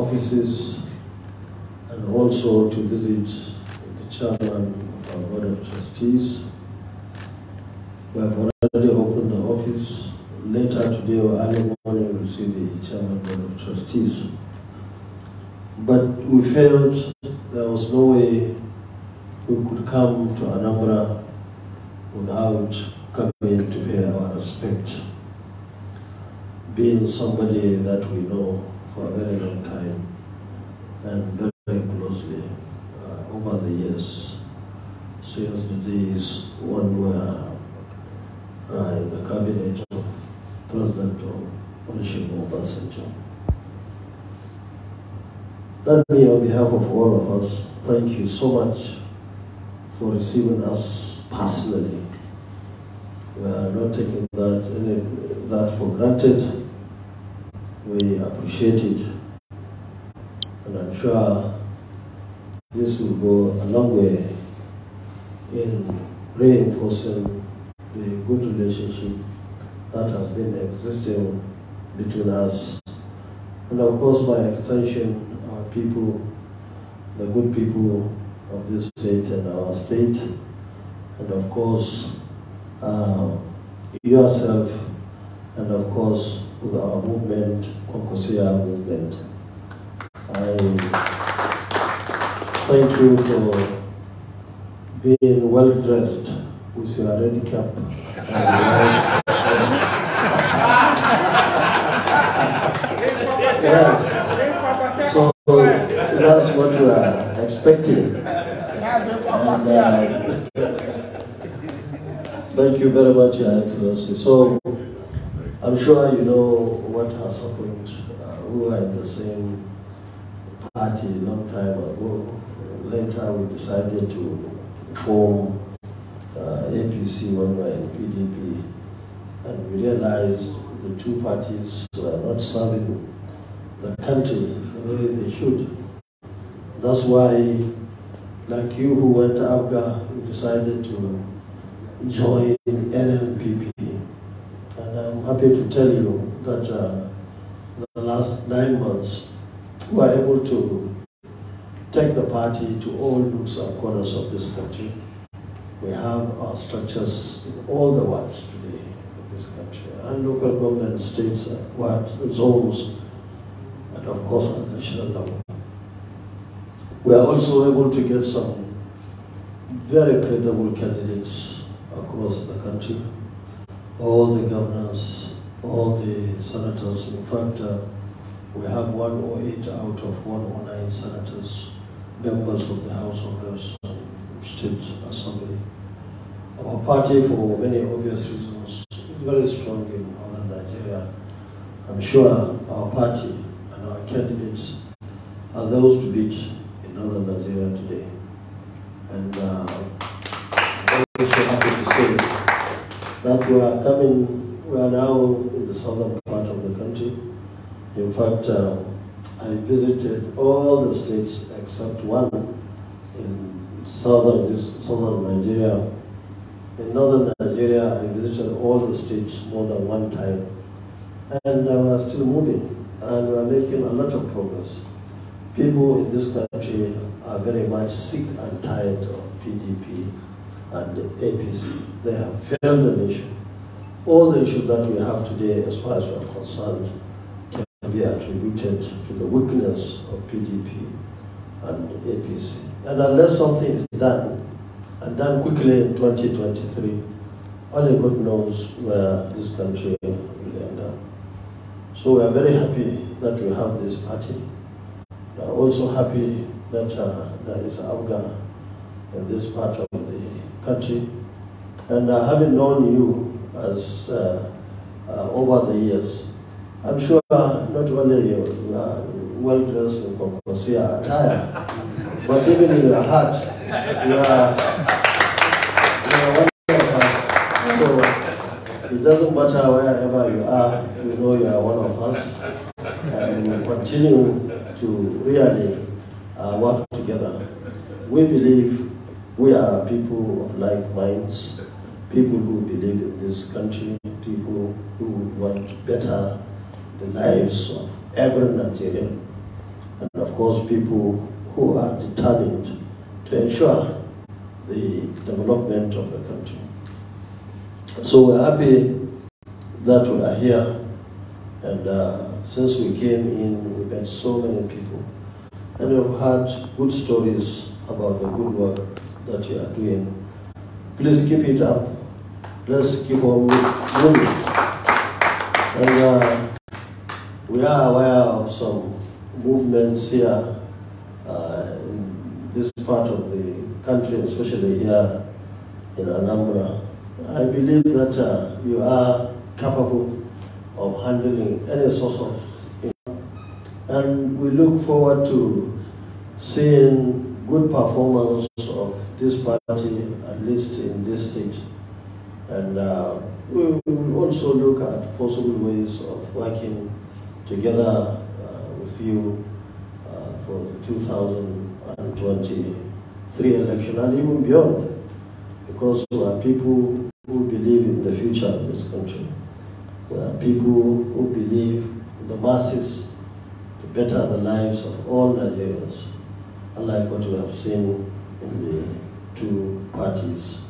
offices and also to visit the chairman of our Board of Trustees. We have already opened the office. Later today or early morning, we'll see the chairman of the Board of Trustees. But we felt there was no way we could come to Anambra without coming to pay our respect, being somebody that we know for a very long time and very closely uh, over the years since the days when we were uh, in the cabinet of President of Obasanjo. Let me, on behalf of all of us, thank you so much for receiving us personally. We are not taking that, any, that for granted. We appreciate it. And I'm sure this will go a long way in reinforcing the good relationship that has been existing between us. And of course, by extension, our people, the good people of this state and our state, and of course, uh, yourself, and of course, with our movement, Konkosea movement. I thank you for being well dressed with your red cap and yes. So that's what we are expecting. And, uh, thank you very much, Your Excellency. So sure you know what has happened. Uh, we were in the same party a long time ago. Later we decided to form uh, APC when we were in PDP. And we realized the two parties were not serving the country the way they should. That's why, like you who went to Abga, we decided to join NMPP. I'm happy to tell you that uh, the last nine months we were able to take the party to all nooks and corners of this country. We have our structures in all the wards today in this country, and local government, states, uh, wards, zones, and of course at national level. We are also able to get some very credible candidates across the country all the governors, all the senators. In fact, uh, we have 108 out of 109 senators, members of the House of Reps and State Assembly. Our party, for many obvious reasons, is very strong in northern Nigeria. I'm sure our party and our candidates are those to beat in northern Nigeria today. And uh, that we are coming, we are now in the southern part of the country. In fact, uh, I visited all the states except one in southern, southern Nigeria. In northern Nigeria, I visited all the states more than one time. And we are still moving, and we are making a lot of progress. People in this country are very much sick and tired of PDP and the APC. They have failed the nation. All the issues that we have today, as far as we are concerned, can be attributed to the weakness of PDP and APC. And unless something is done, and done quickly in 2023, only God knows where this country will end up. So we are very happy that we have this party. We are also happy that uh, there is Afghan in this part of country. And uh, having known you as uh, uh over the years, I'm sure uh, not only your uh, well dressed in Kokosia attire, but even in your heart, you are, you are one of us. So it doesn't matter wherever you are, you know you are one of us. And we continue to really uh, work together. We believe we are people of like minds, people who believe in this country, people who would want better the lives of every Nigerian, and of course people who are determined to ensure the development of the country. So we're happy that we are here, and uh, since we came in, we met so many people, and we've heard good stories about the good work that you are doing. Please keep it up. Let's keep on moving. And uh, we are aware of some movements here uh, in this part of the country, especially here in Anambra. I believe that uh, you are capable of handling any sort of thing. And we look forward to seeing good performance of this party, at least in this state. And uh, we will also look at possible ways of working together uh, with you uh, for the 2023 election and even beyond, because we are people who believe in the future of this country. We are people who believe in the masses to better the lives of all Nigerians, unlike what we have seen in the two parties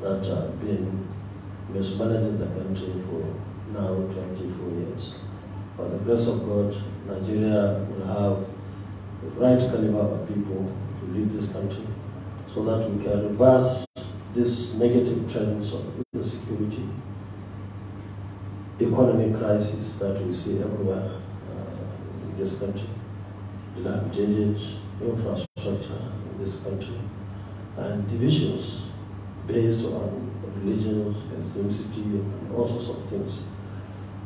that have been mismanaging the country for now 24 years. By the grace of God, Nigeria will have the right caliber of people to lead this country so that we can reverse these negative trends of insecurity, economic crisis that we see everywhere uh, in this country, the changing infrastructure in this country, and divisions based on religion, ethnicity, and all sorts of things.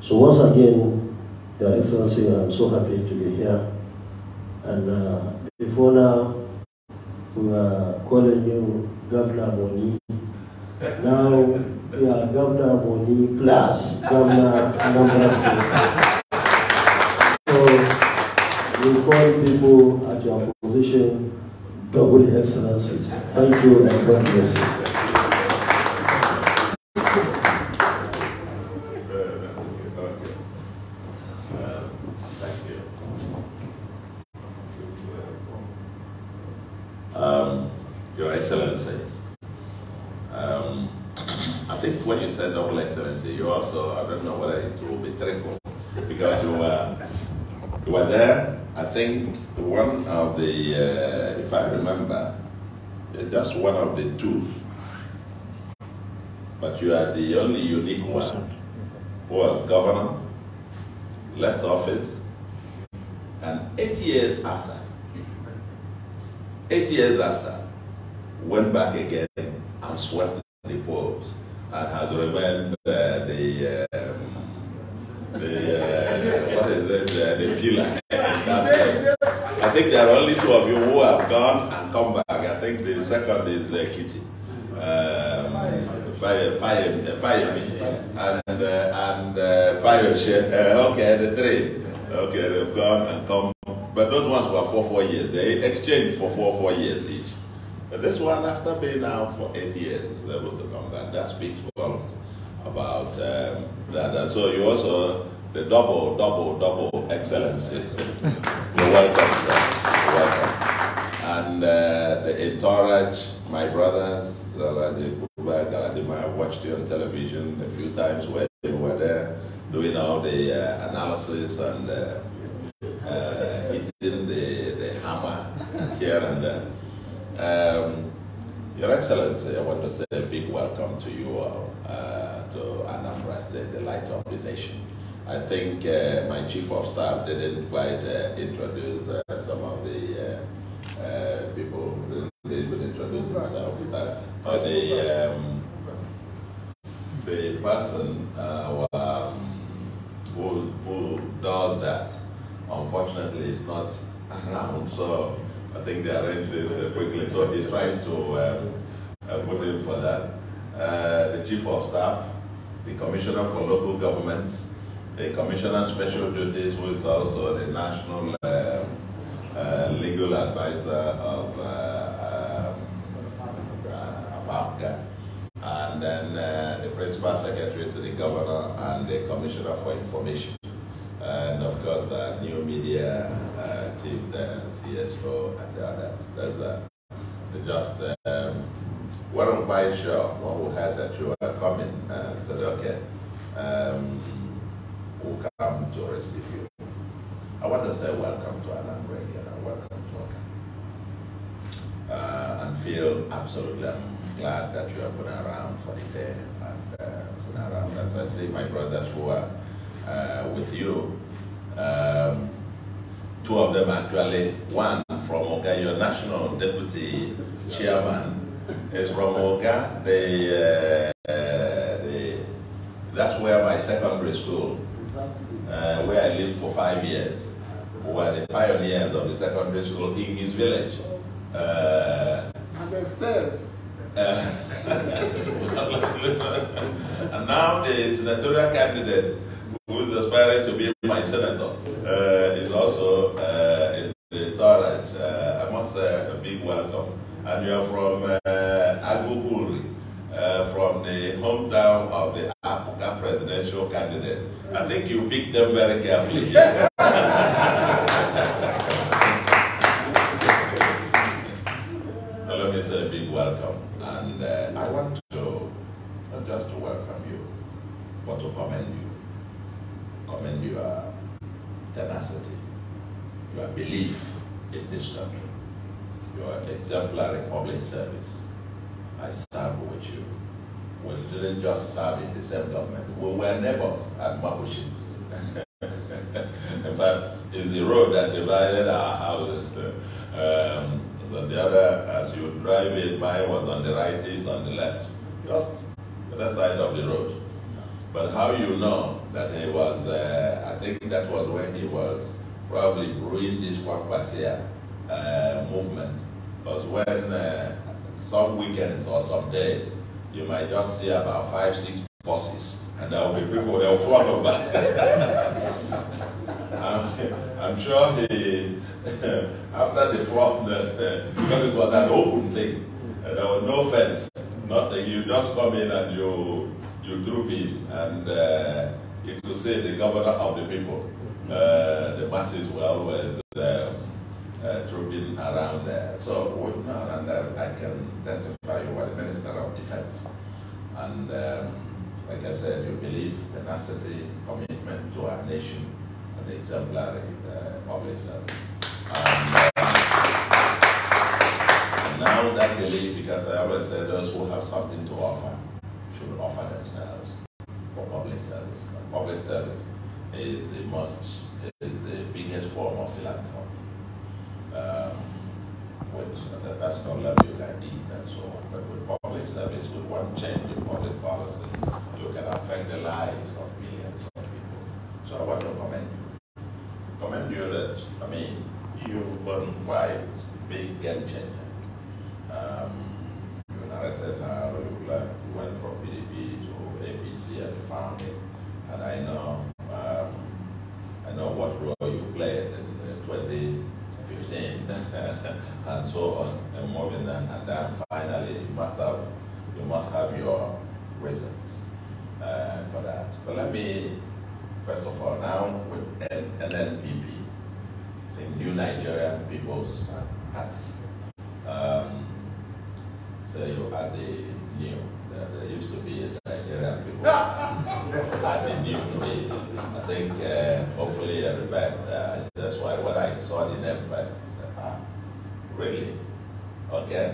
So once again, Your Excellency, I'm so happy to be here. And uh, before now, we were calling you Governor Boni. Now we are Governor Boni plus Governor Anambra State. So you call people at your position double excellencies. Thank you and God bless you. Um, Your Excellency, um, I think when you said double excellency, you also, I don't know whether it will be tricky because you were, you were there, I think one of the uh, if I remember. You're just one of the two. But you are the only unique one who was governor, left office, and eight years after, eight years after, went back again and swept the polls and has remained uh, the, um, the uh, what is it, uh, the pillar come back. I think the second is uh, Kitty. Um, fire, fire, fire me, and uh, and uh, fire share. Uh, okay, the three. Okay, they've gone and come. But those ones were four four years. They exchanged for four four years each. But this one, after being out for eight years, they able to come back. That speaks volumes about um, that. So you also the double, double, double excellency. You're welcome, sir. You're welcome and uh, the entourage, my brothers, I watched you on television a few times where they were there doing all the uh, analysis and uh, uh, hitting the, the hammer here and there. Um, Your Excellency, I want to say a big welcome to you all, uh, to Anambra State, the light of the nation. I think uh, my chief of staff didn't quite uh, introduce some of the think they arranged this uh, quickly. So he's trying to um, uh, put in for that. Uh, the Chief of Staff, the Commissioner for Local Governments, the Commissioner Special Duties, who is also the National um, Legal Advisor of um, APAPCA and then uh, the principal secretary to the governor and the commissioner for information. Yeah, that's that's that. just um, weren't quite sure who we heard that you are coming and uh, said, okay, um, we'll come to receive you. I want to say welcome to Anambra again and welcome to Oka. Uh, and feel absolutely um, glad that you have been around for the day and uh, been around as I see my brothers who are uh, with you. Um, two of them actually. One from Oga, your national deputy chairman, is from Oga. The, uh, uh the, that's where my secondary school, uh, where I lived for five years, were the pioneers of the secondary school in his village. Uh, and they uh, and now the senatorial candidate who is aspiring to be my senator uh, is also uh, in the Taraj. Uh, I must say a big welcome. And you are from uh, Aguburi, uh, from the hometown of the Apuka presidential candidate. I think you picked them very carefully. in service. I serve with you. We didn't just serve in the same government. We were neighbors at Mabushi. in fact, it's the road that divided our houses. Um, on the other, as you drive it, mine was on the right, his on the left. Just the other side of the road. But how you know that he was, uh, I think that was when he was probably brewing this Kwakwasea uh, movement because when uh, some weekends or some days, you might just see about five, six buses, and there will be people they'll fall over. I'm, sure he, after the flood, because it was an open thing, and there was no fence, nothing. You just come in and you you troop in, and uh, you could say the governor of the people. Uh, the masses were always. Um, uh, to around there. So working around there, uh, I can testify you were the Minister of Defense. And um, like I said, you believe, tenacity, commitment to our nation, and exemplary uh, public service. And, uh, and now that belief, because I always say those who have something to offer should offer themselves for public service. And public service is the most so on. But with public service, with one change in public policy, you can affect the lives of millions of people. So I want to commend you. Commend you that, I mean, you've been quite big game changer. Um, you narrated how you went from PDP to APC and found it. And I know, um, I know what role you played in uh, 2015 and so on, and more than that, and that now with NNPP, the New Nigerian People's Party. Um, so you add the new. There, used to be a Nigeria People's Party. add the new to it. I think uh, hopefully everybody, uh, that's why when I saw the name first, I said, ah, really? Okay,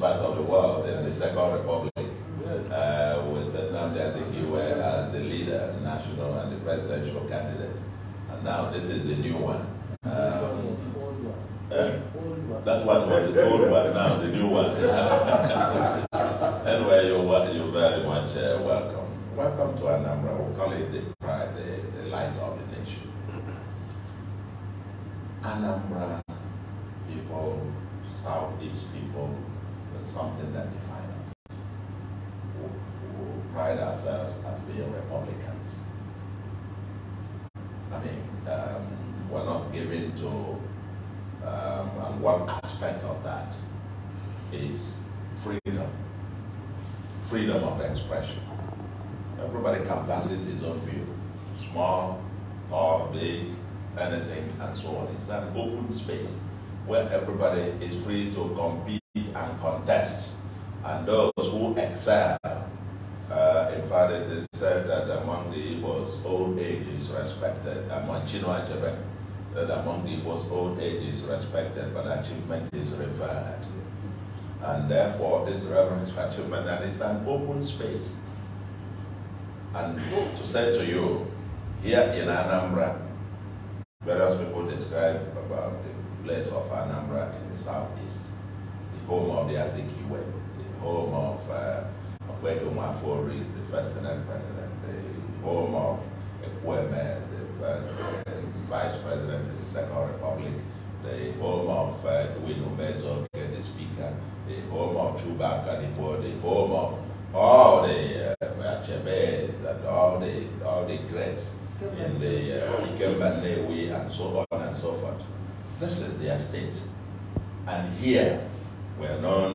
Part of the world in the Second Republic uh, with Namdi Azikiwe as the leader, national and the presidential candidate. And now this is the new one. Um, uh, eh? that one was the old one, now the new one. anyway, you're, you're very much uh, welcome. Welcome to Anambra. We'll call it the, pride, the, the light of the nation. Anambra people, Southeast people, something that defines us. We, pride ourselves as being Republicans. I mean, um, we're not given to, um, and one aspect of that is freedom, freedom of expression. Everybody canvasses his own view, small, tall, big, anything, and so on. It's that open space where everybody is free to compete and contest. And those who excel, uh, in fact, it is said that among the Igbos, old age is respected. Among uh, Chino Achebe, that uh, among the Igbos, old age is respected, but achievement is revered. And therefore, this reverence for achievement, and it's an open space. And to say to you, here in Anambra, various people describe about the place of Anambra in the southeast home of the Azeki way, the home of uh, Okwedo Mafori, the first Senate president, the home of Ekweme, the, uh, the vice president of the Second Republic, the home of uh, Duino Mezo, the speaker, the home of Chubaka, the home of all the uh, and all the, all the greats in the Ikemba uh, and so on and so forth. This is their state. And here, were known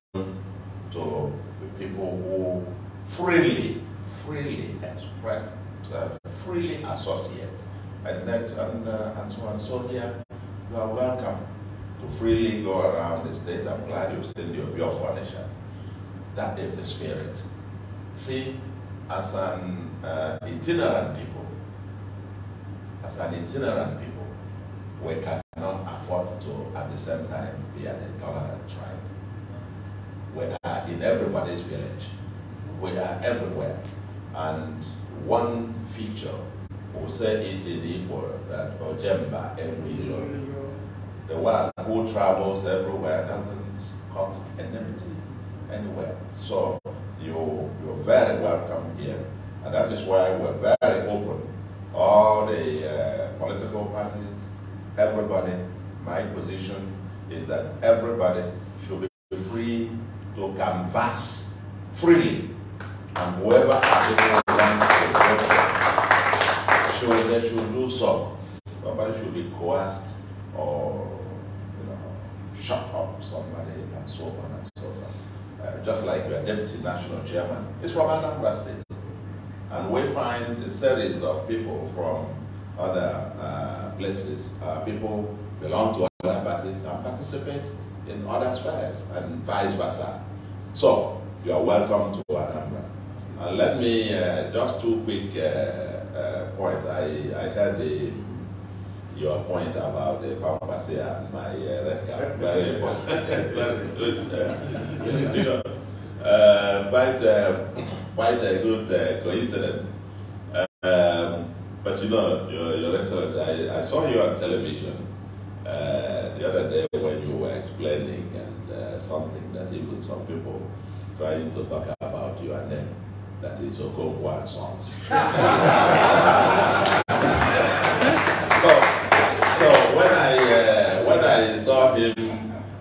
to the people who freely, freely express, uh, freely associate, and that, and, uh, and so on. So here, you are welcome to freely go around the state. I'm glad you've seen your beautiful nation. That is the spirit. See, as an uh, itinerant people, as an itinerant people, we cannot afford to, at the same time, be an intolerant tribe. We are in everybody's village. We are everywhere. And one feature, we say it in Igbo, that Ojemba Emuilo, the one who travels everywhere doesn't cut enmity anywhere. So you, you're very welcome here. And that is why we're very open. All the uh, political parties, everybody, my position is that everybody can freely. And whoever available wants to should, they should do so. Nobody should be coerced or you know, shut up somebody and so on and so forth. Uh, just like your deputy national chairman is from Anambra State. And we find a series of people from other uh, places. Uh, people belong to other parties and participate in other spheres and vice versa. So, you are welcome to Anambra. And uh, let me, uh, just two quick uh, uh, points. I, I heard the, your point about the Pampasi and my uh, red card. Very important. Very good. quite, uh, quite a good coincidence. Um, but you know, Your, your Excellency, I, I saw you on television uh, the other day when explaining and uh, something that even some people trying to talk about you and then that is Okonkwo and Sons. so, so when I uh, when I saw him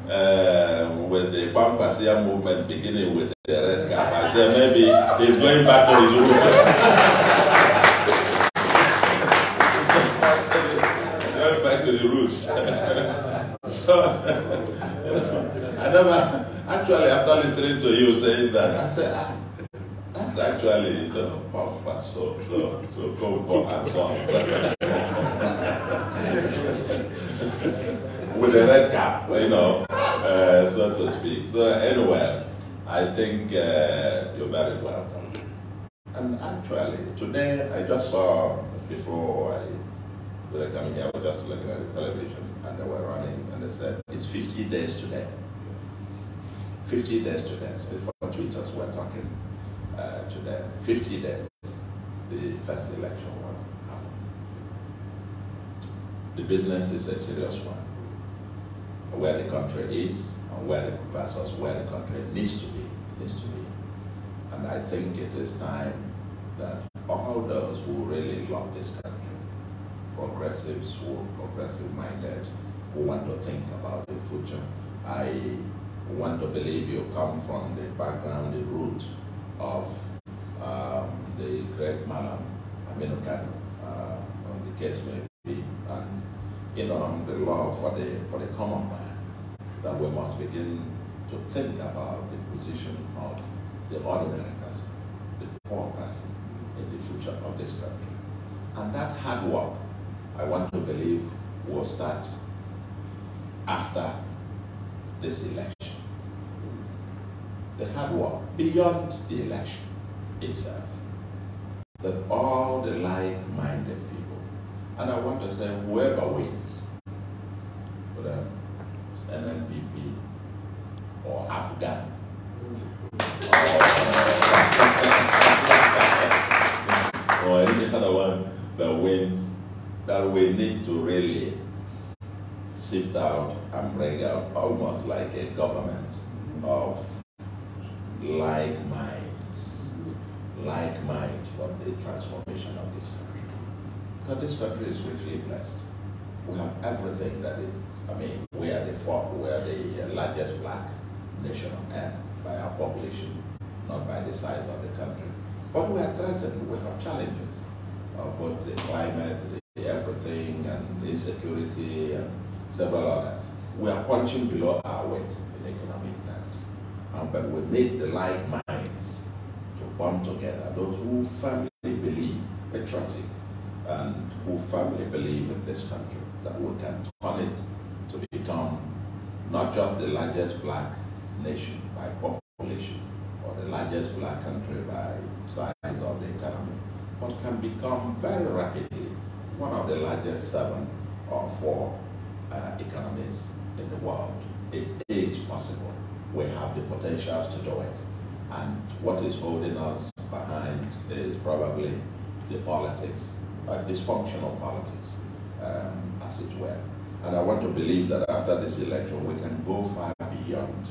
uh, with the Pampasia movement beginning with the red cap, I said maybe he's going back to his roots. going back to the roots. So, I never, actually, after listening to you saying that, I said, ah, that's actually, you know, Papa, so, so, so go for hands on. With a red cap, you know, uh, so to speak. So, anyway, I think uh, you're very welcome. And actually, today I just saw, before I that are coming here. I was just looking at the television and they were running and they said, it's 50 days today. 50 days today. So the tweeters were talking uh, today. 50 days, the first election will happen. The business is a serious one. Where the country is and where the versus where the country needs to be, needs to be. And I think it is time that all those who really love this country progressives who are progressive minded who want to think about the future. I want to believe you come from the background, the root of um, the great man, Aminokano uh, on the case may be, and you know, the love for the, for the common man, that we must begin to think about the position of the ordinary person, the poor person in the future of this country. And that hard work I want to believe was that after this election. The hard work beyond the election itself. That all the like-minded people, and I want to say whoever wins, whether it's NMPP or Afghan, or, or any other one that wins that we need to really sift out and bring out almost like a government of like minds, like minds for the transformation of this country. Because this country is richly blessed. We have everything that is, I mean, we are the we are the uh, largest black nation on earth by our population, not by the size of the country. But we are threatened, we have challenges about uh, the climate, the everything and insecurity and several others. We are punching below our weight in economic terms. Um, but we need the like minds to bond together, those who firmly believe, patriotic, and who firmly believe in this country, that we can turn it to become not just the largest black nation by population, or the largest black country by size of the economy, but can become very rapidly one of the largest seven or four uh, economies in the world. It is possible. We have the potentials to do it. And what is holding us behind is probably the politics, like uh, dysfunctional politics, um, as it were. And I want to believe that after this election, we can go far beyond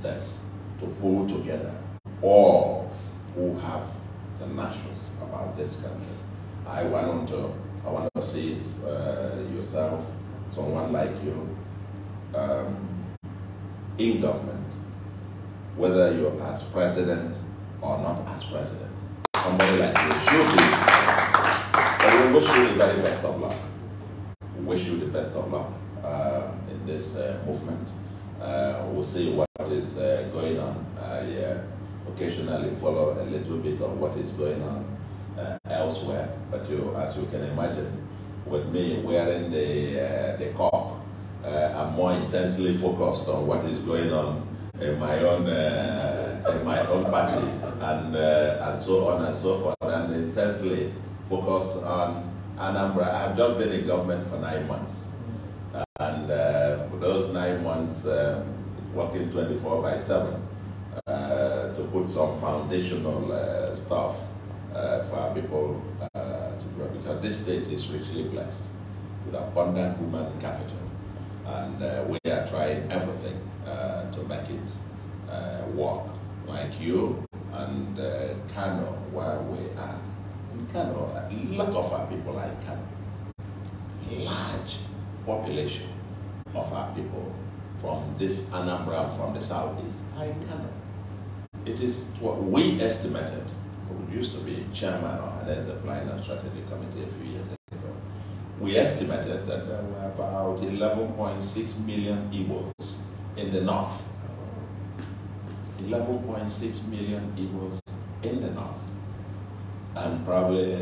this to pull together all who have the national about this country. I want to I want to see uh, yourself, someone like you, um, in government, whether you're as president or not as president. Somebody like you should be. But we wish you the very best of luck. We wish you the best of luck uh, in this uh, movement. Uh, we'll see what is uh, going on. I uh, occasionally follow a little bit of what is going on elsewhere. But you, as you can imagine, with me wearing the, uh, the cork, uh, I'm more intensely focused on what is going on in my own, uh, in my own party and, uh, and so on and so forth, and intensely focused on Anambra. I've just been in government for nine months. And uh, for those nine months, uh, working 24 by 7 to put some foundational stuff uh, for our people uh, to grow because this state is richly blessed with abundant human capital. And uh, we are trying everything uh, to make it uh, work, like you and uh, Kano, where we are. In Kano, a lot of our people are in Kano. Large population of our people from this Anambra, from the southeast, are in Kano. It is what we estimated who used to be chairman of planning and Strategy Committee a few years ago, we estimated that there were about 11.6 million Igbos in the north. 11.6 million Igbos in the north, and probably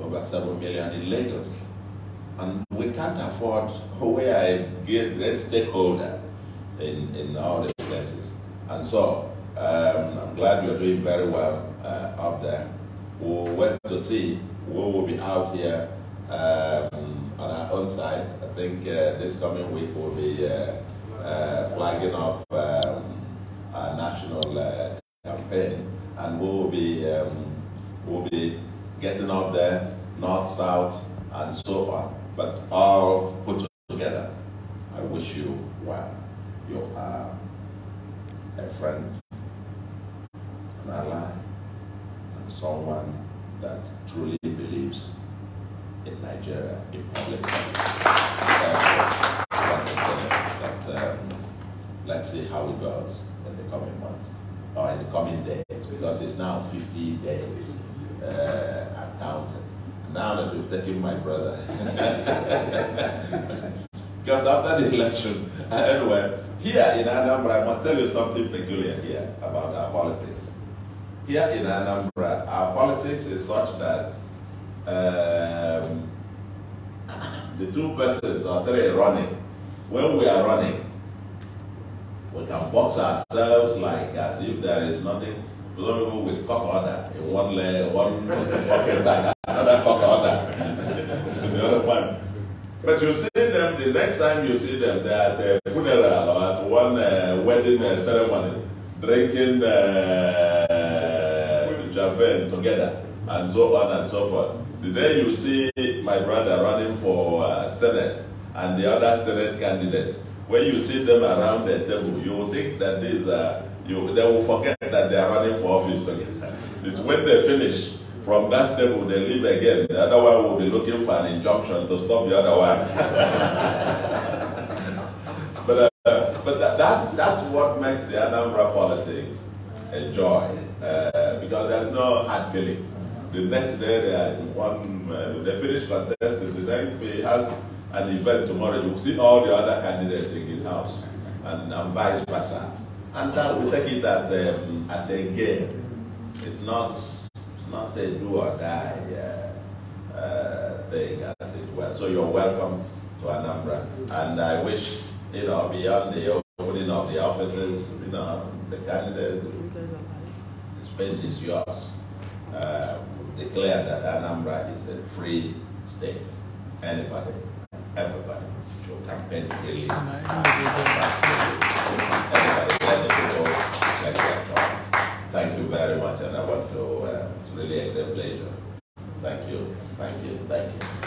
over 7 million in Lagos. And we can't afford, we are a great stakeholder in, in all the places. And so um, I'm glad you're doing very well up uh, there. We'll wait to see. We will be out here um, on our own side. I think uh, this coming week we'll be uh, flagging off um, our national campaign and we will be um, will be getting up there, north, south, and so on. But all now 50 days uh, I counted. Now that we've taken my brother. because after the election, anyway, here in Anambra, I must tell you something peculiar here about our politics. Here in Anambra, our politics is such that um, the two persons are three running, when we are running, we can box ourselves like as if there is nothing some people with cock order in one leg, one pocket bag, another cock order. the other one. But you see them the next time you see them, they're at a funeral or at one uh, wedding uh, ceremony, drinking uh, Japan together, and so on and so forth. The day you see my brother running for uh, Senate and the other Senate candidates, when you see them around the table, you will think that these are. Uh, they will forget that they are running for office together. it's when they finish from that table, they leave again. The other one will be looking for an injunction to stop the other one. but uh, but that, that's, that's what makes the Anambra politics a joy uh, because there's no hard feeling. The next day, they, are one, uh, they finish contesting. The day he has an event tomorrow, you'll see all the other candidates in his house and, and vice versa. And that we take it as a, as a game. It's not, it's not a do or die uh, uh, thing, as it were. So you're welcome to Anambra. And I wish, you know, beyond the opening of the offices, you know, the candidates, the space is yours. Uh, declare that Anambra is a free state. Anybody, everybody should campaign freely. Thank you.